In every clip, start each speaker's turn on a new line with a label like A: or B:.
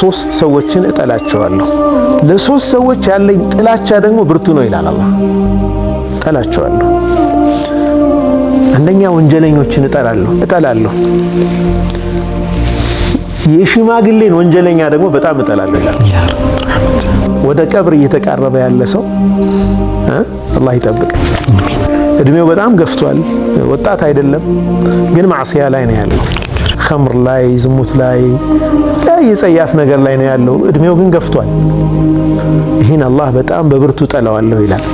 A: ሶስት ሰዎችን እጠላቸዋለሁ። ለሶስት ሰዎች ያለኝ ጥላቻ ደግሞ ብርቱ ነው ይላል አላህ። እጠላቸዋለሁ። አንደኛ ወንጀለኞችን እጠላለሁ እጠላለሁ። የሽማግሌን ወንጀለኛ ደግሞ በጣም እጠላለሁ ይላል። ወደ ቀብር እየተቃረበ ያለ ሰው አላህ ይጠብቅ። እድሜው በጣም ገፍቷል፣ ወጣት አይደለም፣ ግን ማዕስያ ላይ ነው ያለው ኸምር ላይ ዝሙት ላይ የተለያየ ጸያፍ ነገር ላይ ነው ያለው። እድሜው ግን ገፍቷል። ይህን አላህ በጣም በብርቱ እጠላዋለሁ ይላል።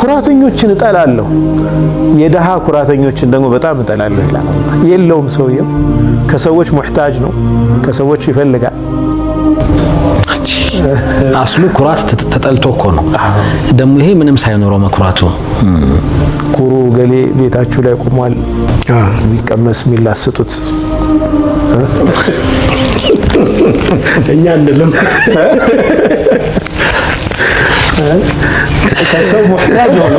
A: ኩራተኞችን እጠላለሁ፣ የደሃ ኩራተኞችን ደግሞ በጣም እጠላለሁ ይላል። የለውም ሰውየው ከሰዎች ሙሕታጅ ነው፣ ከሰዎች ይፈልጋል
B: አስሉ ኩራት ተጠልቶ እኮ ነው። ደግሞ ይሄ ምንም ሳይኖረው መኩራቱ
A: ኩሩ ገሌ ቤታችሁ ላይ ቆሟል፣ የሚቀመስ የሚላስጡት እኛ አንልም። ከሰው ሙሕታጅ ሆኖ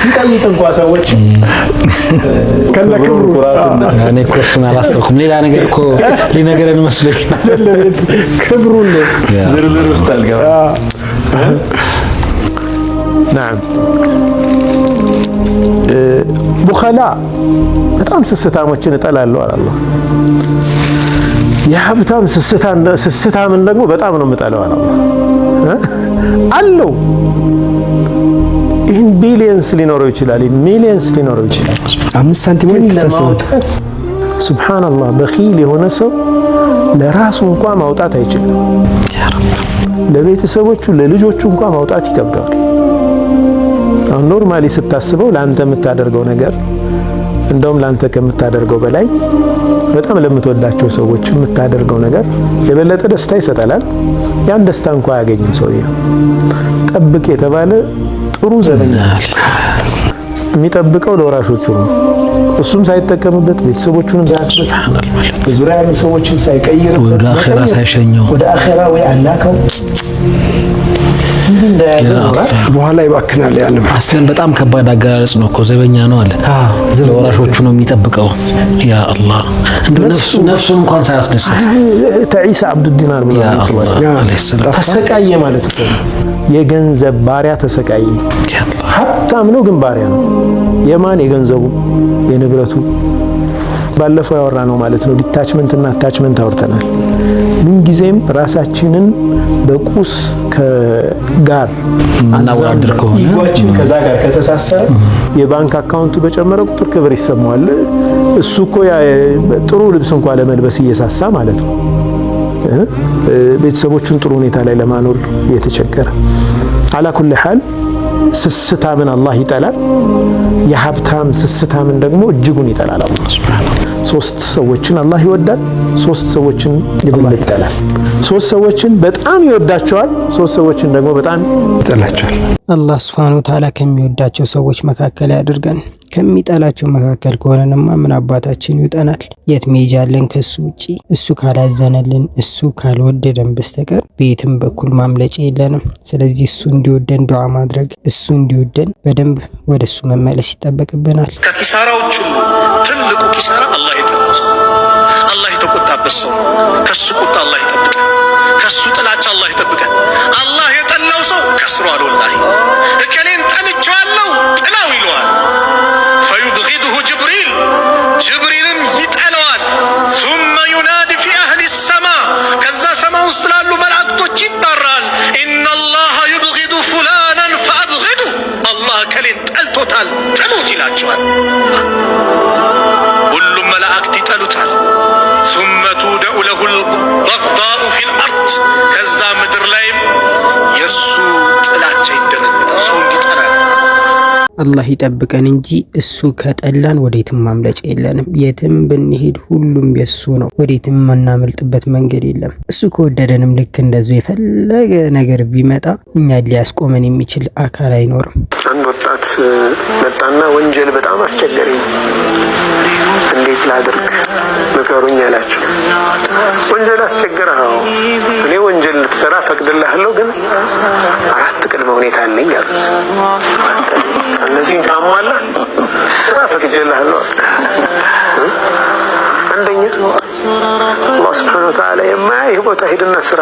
A: ሲጠይቅ እንኳ ሰዎች ከነክብሩ
B: እኔ እኮ እሱን አላሰብኩም። ሌላ ነገር እኮ ሊነገረን መስሎኝ ክብሩን ዝርዝር ውስጥ አልገባም።
A: ቡኸላ በጣም ስስታሞችን እጠላለሁ አለ። የሀብታም ስስታምን ደግሞ በጣም ነው የምጠለው አለ። አለው። ይህን ቢሊየንስ ሊኖረው ይችላል፣ ሚሊየንስ ሊኖረው ይችላል።
B: አምስት ሳንቲም ለማውጣት
A: ሱብሓነላህ፣ በኪል የሆነ ሰው ለራሱ እንኳ ማውጣት አይችልም። ለቤተሰቦቹ ለልጆቹ እንኳ ማውጣት ይከብደዋል። ኖርማሊ ስታስበው ለአንተ የምታደርገው ነገር እንደውም ላንተ ከምታደርገው በላይ በጣም ለምትወዳቸው ሰዎች የምታደርገው ነገር የበለጠ ደስታ ይሰጠላል። ያን ደስታ እንኳ አያገኝም ሰውዬው። ጠብቅ የተባለ ጥሩ ዘበኛ የሚጠብቀው ለወራሾቹ ነው። እሱም ሳይጠቀምበት ቤተሰቦቹንም ሳያስነሳ በዙሪያ ያሉ ሰዎችን ሳይቀይር
B: ወደ አኼራ ሳይሸኘው
A: ወደ አኼራ ወይ አላከው በኋላ ይባክናል። ያን
B: አስከን በጣም ከባድ አገላለጽ ነው እኮ ዘበኛ ነው አለ። ወራሾቹ ነው የሚጠብቀው። ያ አላህ እንደው ነፍሱን እንኳን ሳያስደስት
A: ተዒሳ አብዱዲናር ብሎ ተሰቃየ ማለት ነው። የገንዘብ ባሪያ ተሰቃየ። ሀብታም ነው ግን ባሪያ ነው። የማን የገንዘቡ የንብረቱ ባለፈው ያወራ ነው ማለት ነው። ዲታችመንት እና አታችመንት አውርተናል። ምንጊዜም ራሳችንን በቁስ ጋር
B: አናወዳድር ከሆነ
A: ከዛ ጋር ከተሳሰረ የባንክ አካውንቱ በጨመረ ቁጥር ክብር ይሰማዋል። እሱ እኮ ጥሩ ልብስ እንኳ ለመልበስ እየሳሳ ማለት ነው ቤተሰቦቹን ጥሩ ሁኔታ ላይ ለማኖር እየተቸገረ አላኩል ሀል ስስታምን አላህ ይጠላል። የሀብታም ስስታምን ደግሞ እጅጉን ይጠላል አላህ ሶስት ሰዎችን አላህ ይወዳል። ሶስት ሰዎችን ይበልጥ ይጠላል። ሶስት ሰዎችን በጣም ይወዳቸዋል። ሶስት ሰዎችን ደግሞ በጣም ይጠላቸዋል።
C: አላህ ሱብሓነሁ ወተዓላ ከሚወዳቸው ሰዎች መካከል ያድርገን። ከሚጠላቸው መካከል ከሆነንማ ምን አባታችን ይውጠናል? የት ሜጃለን? ከሱ ውጪ? እሱ ካላዘነልን፣ እሱ ካልወደደን በስተቀር በየትም በኩል ማምለጫ የለንም። ስለዚህ እሱ እንዲወደን ዱዓ ማድረግ፣ እሱ እንዲወደን በደንብ ወደ እሱ መመለስ ይጠበቅብናል።
D: ከኪሳራዎቹ ትልቁ ኪሳራ አላህ የጠላው ሰው፣ አላህ የተቆጣበት ሰው ከሱ ቁጣ አላህ ይጠብቀን፣ ከሱ ጥላቻ አላህ ይጠብቀን። አላህ የጠላው ሰው ከስሯል ወላሂ ይሞታል ጥሉት ይላችኋል።
C: አላህ ይጠብቀን እንጂ እሱ ከጠላን ወዴትም ማምለጫ የለንም። የትም ብንሄድ ሁሉም የሱ ነው። ወዴትም የምናመልጥበት መንገድ የለም። እሱ ከወደደንም ልክ እንደዚ የፈለገ ነገር ቢመጣ እኛ ሊያስቆመን የሚችል አካል አይኖርም።
A: አንድ ወጣት መጣና ወንጀል በጣም አስቸጋሪ ነው፣ እንዴት ላድርግ ምከሩኝ አላቸው። ወንጀል አስቸገረ። እኔ ወንጀል ልትሰራ ፈቅድልሃለሁ፣ ግን አራት ቅድመ ሁኔታ አለኝ አሉት። እነዚህን ካሟላ ስራ ፈቅጄልሃለሁ። አንደኛ አላህ ስብሐነሁ ወተዓላ የማያይህ ቦታ ሂድና ስራ።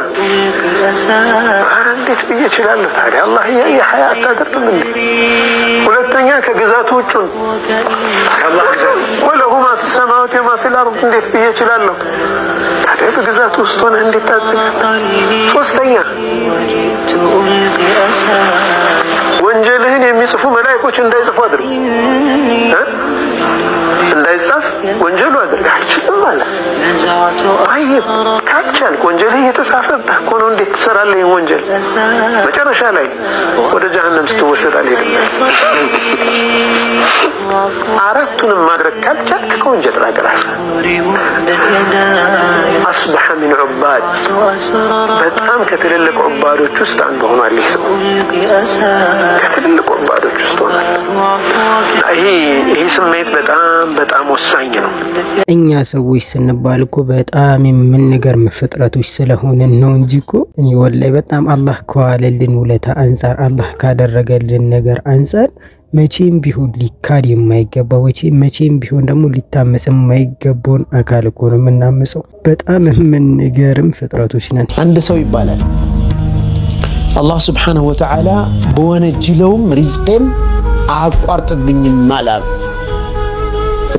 A: ኧረ እንዴት ብዬ እችላለሁ ታዲያ አላህ እያየ ሀያ አታደርግም እንዴ? ሁለተኛ ከግዛቱ ውጩን ከአላህ ግዛት ወለሁ ማ ፊ ሰማዋት ወማ ፊል አርድ እንዴት ብዬ እችላለሁ ታዲያ በግዛቱ ውስጥ ሆነ እንዴት ታድጋለህ? ሶስተኛ ወንጀልህን የሚጽፉ መላእክቶች እንዳይጽፉ አድርግ፣ እንዳይጻፍ ወንጀሉ አድርግ። አልችልም አለ። አይ ታቻል ወንጀልህ የተጻፈብህ እኮ ነው። እንዴት ትሰራለህ? ወንጀል መጨረሻ ላይ ወደ ጀሀነም ስትወሰድ አልሄድም አራቱንም ማድረግ ካልቻልክ ከወንጀል ራቅ። ራስ አስበሐ ሚን ዑባድ በጣም ከትልልቅ ዑባዶች ውስጥ አንዱ ሆኗል። ይህ ሰው ከትልልቅ ዑባዶች ውስጥ ሆኗል። ይህ ስሜት በጣም በጣም ወሳኝ ነው።
C: እኛ ሰዎች ስንባል እኮ በጣም የምንገርም ፍጥረቶች ስለሆንን ነው እንጂ እኮ እኔ ወላሂ በጣም አላህ ከዋለልን ውለታ አንጻር አላህ ካደረገልን ነገር አንጻር መቼም ቢሆን ሊካድ የማይገባው መቼም ቢሆን ደግሞ ሊታመጽ የማይገባውን አካል እኮ ነው የምናምጸው። በጣም የምንገርም ፍጥረቶች ነን።
A: አንድ ሰው ይባላል አላህ ስብሓነሁ ወተዓላ በወነጅለውም ሪዝቄም አያቋርጥብኝም አላ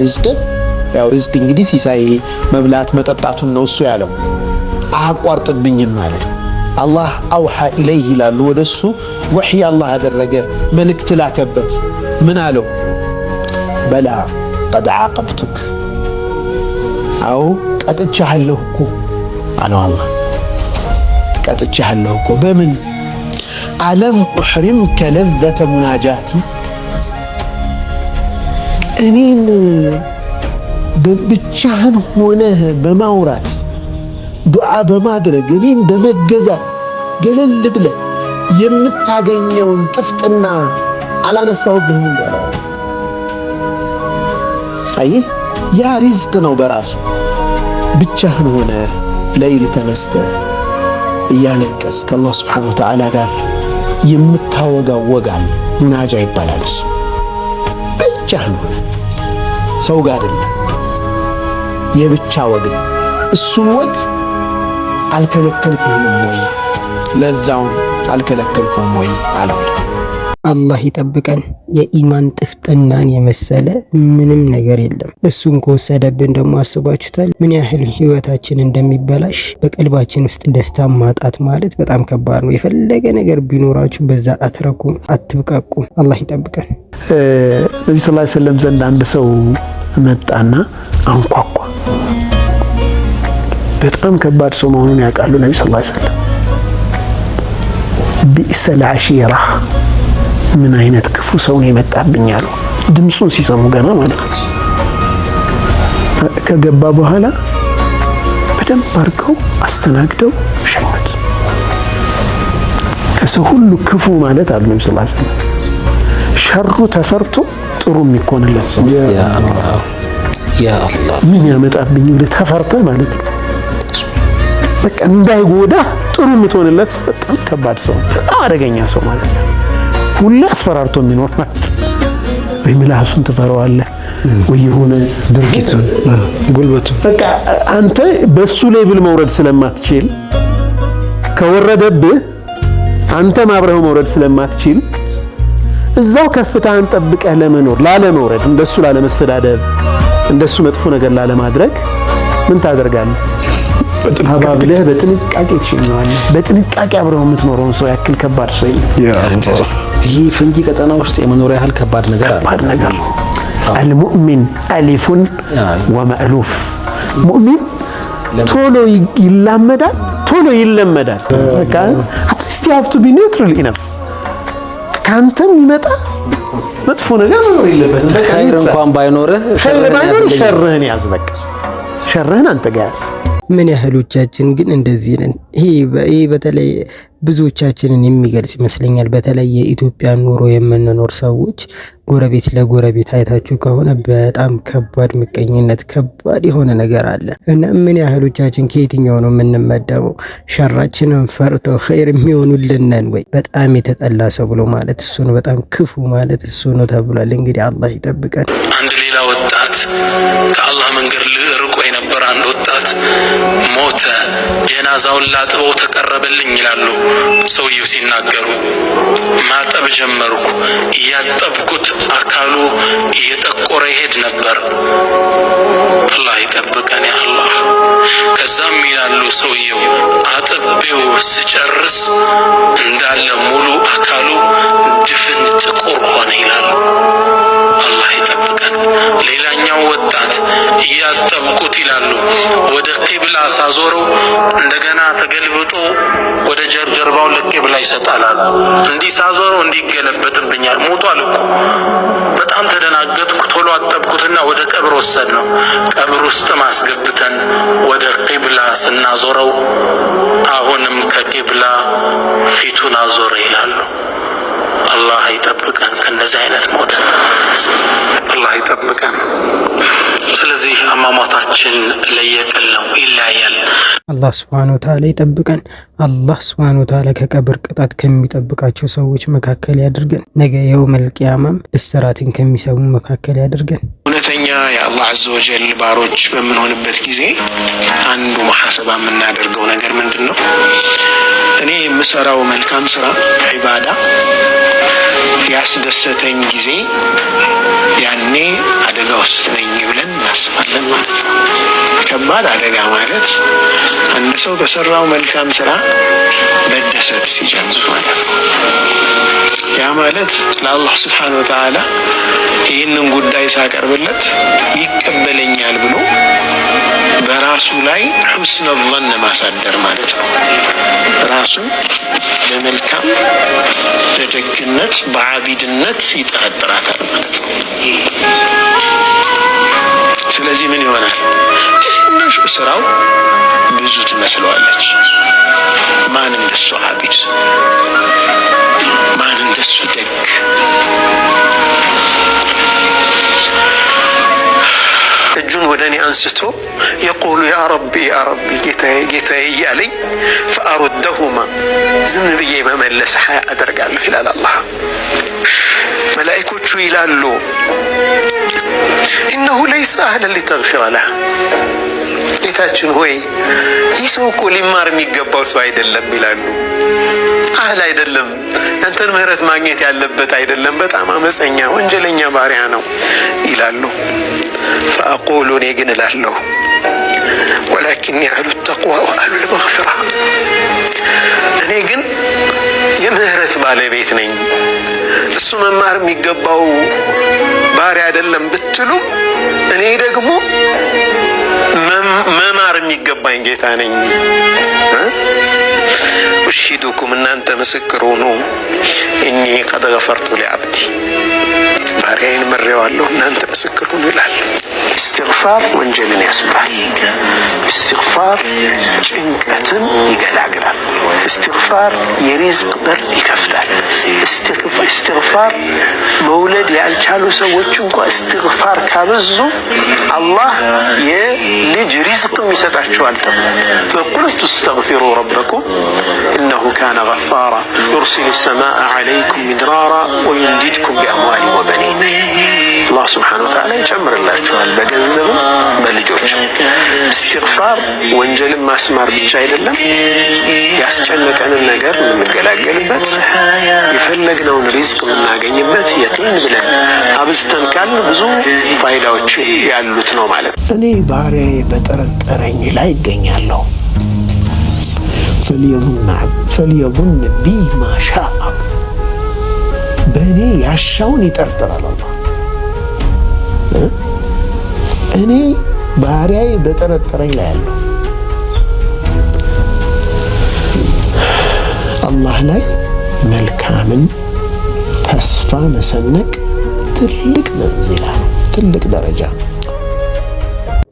A: ሪዝቅን ያው ሪዝቅ እንግዲህ ሲሳይ መብላት መጠጣቱን ነው እሱ ያለው አያቋርጥብኝም አለ። الله أوحى إليه إلى الودسو وحي الله هذا الرجاء من اقتلع كبت من قاله بلى قد عاقبتك أو قد لهكو قالوا الله قد لهكو بمن ألم أحرمك لذة مناجاتي أنين ببتشان هنا بمورات ዱዓ በማድረግ እኔም በመገዛት ገለል ብለ የምታገኘውን ጥፍጥና አላነሳሁብህም ይላል። አይ ያ ሪዝቅ ነው በራሱ ብቻህን ሆነ ለይል ተነስተ እያለቀስ ከአላህ ስብሓነሁ ወተዓላ ጋር የምታወጋው ወጋል ሙናጃ ይባላል። ብቻህን ሆነ ሰው ጋር አይደለም የብቻ ወግ እሱን ወግ አልከለከልኩህም ወይ? ለዛውን አልከለከልኩም ወይ አለው።
C: አላህ ይጠብቀን። የኢማን ጥፍጥናን የመሰለ ምንም ነገር የለም። እሱን ከወሰደብን ደግሞ አስባችሁታል ምን ያህል ህይወታችን እንደሚበላሽ። በቀልባችን ውስጥ ደስታ ማጣት ማለት በጣም ከባድ ነው። የፈለገ ነገር ቢኖራችሁ በዛ አትረኩም፣ አትብቃቁም። አላህ ይጠብቀን።
A: ነቢ ስ ሰለም ዘንድ አንድ ሰው መጣና አንኳኳ በጣም ከባድ ሰው መሆኑን ያውቃሉ ነቢ ስ ሰለም። ቢእሰል አሺራ ምን አይነት ክፉ ሰው ነው የመጣብኝ አሉ። ድምፁን ሲሰሙ ገና ማለት ነው። ከገባ በኋላ በደንብ አድርገው አስተናግደው ሸኙት። ከሰው ሁሉ ክፉ ማለት አሉ ነቢ ስ ሰለም ሸሩ ተፈርቶ ጥሩ የሚኮንለት ሰው ምን ያመጣብኝ ብለህ ተፈርተህ ማለት ነው። በቃ እንዳይጎዳ ጥሩ የምትሆንለት ሰው በጣም ከባድ ሰው፣ በጣም አደገኛ ሰው ማለት ነው። ሁሌ አስፈራርቶ የሚኖር ማለት ወይ ምላሱን ትፈረዋለህ ወይ የሆነ ድርጊቱን፣ ጉልበቱ በቃ አንተ በሱ ሌቭል መውረድ ስለማትችል ከወረደብህ አንተ ማብረህ መውረድ ስለማትችል እዛው ከፍታህን ጠብቀህ ለመኖር ላለመውረድ፣ እንደሱ ላለመሰዳደብ፣ እንደሱ መጥፎ ነገር ላለማድረግ ምን ታደርጋለህ? አባብለህ በጥንቃቄ ትሸኘዋለህ። በጥንቃቄ አብረው የምትኖረውን ሰው ያክል ከባድ ሰው የለም።
B: ይህ ፈንጂ ቀጠና ውስጥ የመኖር ያህል ከባድ ነገር
A: ከባድ ነገር ነው። አልሙእሚን አሊፉን ወመእሉፍ ሙእሚን ቶሎ ይላመዳል፣ ቶሎ ይለመዳል። አትሊስት ሀፍቱ ቢ ኒውትራል ኢነፍ ከአንተ የሚመጣ መጥፎ ነገር መኖር
B: የለበትም። ኸይር እንኳን ባይኖርህ
A: ሸርህን ያዝ፣ በቃ ሸርህን አንተ ጋር ያዝ።
C: ምን ያህሎቻችን ግን እንደዚህ ነን? ይህ በተለይ ብዙዎቻችንን የሚገልጽ ይመስለኛል። በተለይ የኢትዮጵያ ኑሮ የምንኖር ሰዎች ጎረቤት ለጎረቤት አይታችሁ ከሆነ በጣም ከባድ ምቀኝነት፣ ከባድ የሆነ ነገር አለ እና ምን ያህሎቻችን ከየትኛው ነው የምንመደበው? ሸራችንን ፈርተው ኸይር የሚሆኑልነን ወይ? በጣም የተጠላ ሰው ብሎ ማለት እሱ ነው፣ በጣም ክፉ ማለት እሱ ነው ተብሏል። እንግዲህ አላህ ይጠብቀን።
D: አንድ ሌላ ወጣ ወጣት ከአላህ መንገድ ልርቆ የነበረ አንድ ወጣት ሞተ። ጀናዛውን ላጥበው ተቀረበልኝ ይላሉ ሰውየው ሲናገሩ። ማጠብ ጀመርኩ። እያጠብኩት አካሉ እየጠቆረ ይሄድ ነበር። አላህ ይጠብቀን ያ አላህ። ከዛም ይላሉ ሰውየው አጥቤው ስጨርስ እንዳለ ላይ ይሰጣላል። እንዲህ ሳዞረው እንዲገለበጥብኛል ይገለበጥብኛል። ሞቷል እኮ በጣም ተደናገጥኩ። ቶሎ አጠብኩትና ወደ ቀብር ወሰድ ነው። ቀብር ውስጥ ማስገብተን ወደ ቂብላ ስናዞረው አሁንም ከቂብላ ፊቱን አዞረ ይላሉ። አላህ ይጠብቀን ከእንደዚህ አይነት ሞት። ይጠብቀን። ስለዚህ አሟሟታችን ለየቅል ነው፣ ይለያያል።
C: አላህ ስብሐነሁ ወተዓላ ይጠብቀን። አላህ ስብሐነሁ ወተዓላ ከቀብር ቅጣት ከሚጠብቃቸው ሰዎች መካከል ያድርገን። ነገ የውመል ቂያማም እስራትን ከሚሰሙ መካከል ያድርገን።
D: እውነተኛ የአላህ አዘወጀል ባሮች በምንሆንበት ጊዜ አንዱ መሐሰባ የምናደርገው ነገር ምንድን ነው? እኔ የምሰራው መልካም ስራ ዒባዳ ያስደሰተኝ ጊዜ ያኔ አደጋ ውስጥ ነኝ ብለን እናስባለን ማለት ነው። ከባድ አደጋ ማለት አንድ ሰው በሰራው መልካም ስራ መደሰት ሲጀምር ማለት ነው። ያ ማለት ለአላህ ስብሓነሁ ወተዓላ ይህንን ጉዳይ ሳቀርብለት ይቀበለኛል ብሎ በራሱ ላይ ሑስነ ማሳደር ማለት ነው። ራሱን በመልካም በደግነት በ። አቢድነት ይጠረጥራታል ማለት ነው። ስለዚህ ምን ይሆናል? ትንሹ ስራው ብዙ ትመስለዋለች። ማን እንደሱ አቢድ፣ ማን እንደሱ ደግ
A: እጁን ወደ እኔ አንስቶ የቁሉ ያ ረቢ ያ ረቢ ጌታዬ ጌታዬ እያለኝ ፈአሩደሁማ ዝም ብዬ መመለስ ሀያ አደርጋለሁ ይላል አላህ። መላኢኮቹ ይላሉ እነሁ ለይስ አህለ ሊተግፊረ ለህ ጌታችን ሆይ ይህ ሰው እኮ ሊማር የሚገባው ሰው አይደለም ይላሉ። አህል አይደለም ያንተን ምህረት ማግኘት ያለበት አይደለም። በጣም አመፀኛ ወንጀለኛ ባሪያ ነው ይላሉ። አቁሉ እኔ ግን እላለሁ ወላኪን ያህሉ ተቅዋ አሉ ልመግፍራ እኔ ግን የምህረት ባለቤት ነኝ። እሱ መማር የሚገባው ባሪያ አይደለም ብትሉ እኔ ደግሞ መማር የሚገባኝ ጌታ ነኝ። እሺ እናንተ ምስክር ሁኑ። እኒ ቀድ ገፈርቱ ሊዓብዲ ባሪያዬን መሬዋለሁ እናንተ ምስክሩ ይላል። እስትግፋር ወንጀልን ያስምራል። እስትግፋር ጭንቀትን ይገላግላል። እስትግፋር የሪዝቅ በር ይከፍታል። እስትግፋር መውለድ ያልቻሉ ሰዎች እንኳ እስትግፋር ካበዙ አላህ የልጅ ሪዝቅም ይሰጣቸዋል ተብሏል። ፈቁል ተስተግፊሩ ረበኩም እነሁ ካነ ገፋራ ዩርሲል ሰማአ ዓለይኩም ሚድራራ ወዩምዲድኩም ቢአምዋል አላህ ስብሐነሁ ወተዓላ ይጨምርላችኋል በገንዘብም በልጆች እስትግፋር ወንጀልን ማስማር ብቻ አይደለም፣ ያስጨነቀንን ነገር የምንገላገልበት የፈለግነውን ሪዝቅ የምናገኝበት የጥን ብለን አብዝተን ካል ብዙ ፋይዳዎች ያሉት ነው ማለት ነው። እኔ ባሪያዬ በጠረጠረኝ ላይ ይገኛለሁ ፈልየዙን ቢ ማሻአ በእኔ ያሻውን ይጠርጥራል አላ እኔ ባህሪያዬ በጠረጠረኝ ላይ ያለው አላህ ላይ መልካምን ተስፋ መሰነቅ ትልቅ መንዝላ ነው፣ ትልቅ ደረጃ ነው።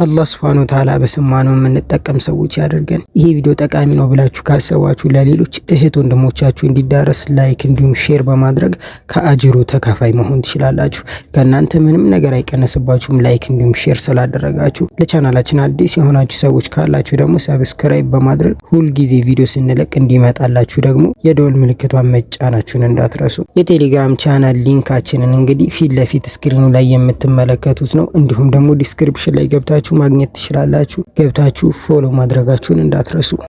C: አላህ ስብሐነሁ ወተዓላ በሰማነው የምንጠቀም ሰዎች ያደርገን። ይሄ ቪዲዮ ጠቃሚ ነው ብላችሁ ካሰባችሁ ለሌሎች እህት ወንድሞቻችሁ እንዲዳረስ ላይክ እንዲሁም ሼር በማድረግ ከአጅሩ ተካፋይ መሆን ትችላላችሁ። ከእናንተ ምንም ነገር አይቀነስባችሁም። ላይክ እንዲሁም ሼር ስላደረጋችሁ። ለቻናላችን አዲስ የሆናችሁ ሰዎች ካላችሁ ደግሞ ሰብስክራይብ በማድረግ ሁልጊዜ ቪዲዮ ስንለቅ እንዲመጣላችሁ ደግሞ የደወል ምልክቷን መጫናችሁን እንዳትረሱ። የቴሌግራም ቻናል ሊንካችንን እንግዲህ ፊት ለፊት ስክሪኑ ላይ የምትመለከቱት ነው። እንዲሁም ደግሞ ዲስክሪፕሽን ላይ ገብታችሁ ማግኘት ትችላላችሁ። ገብታችሁ ፎሎ ማድረጋችሁን እንዳትረሱ።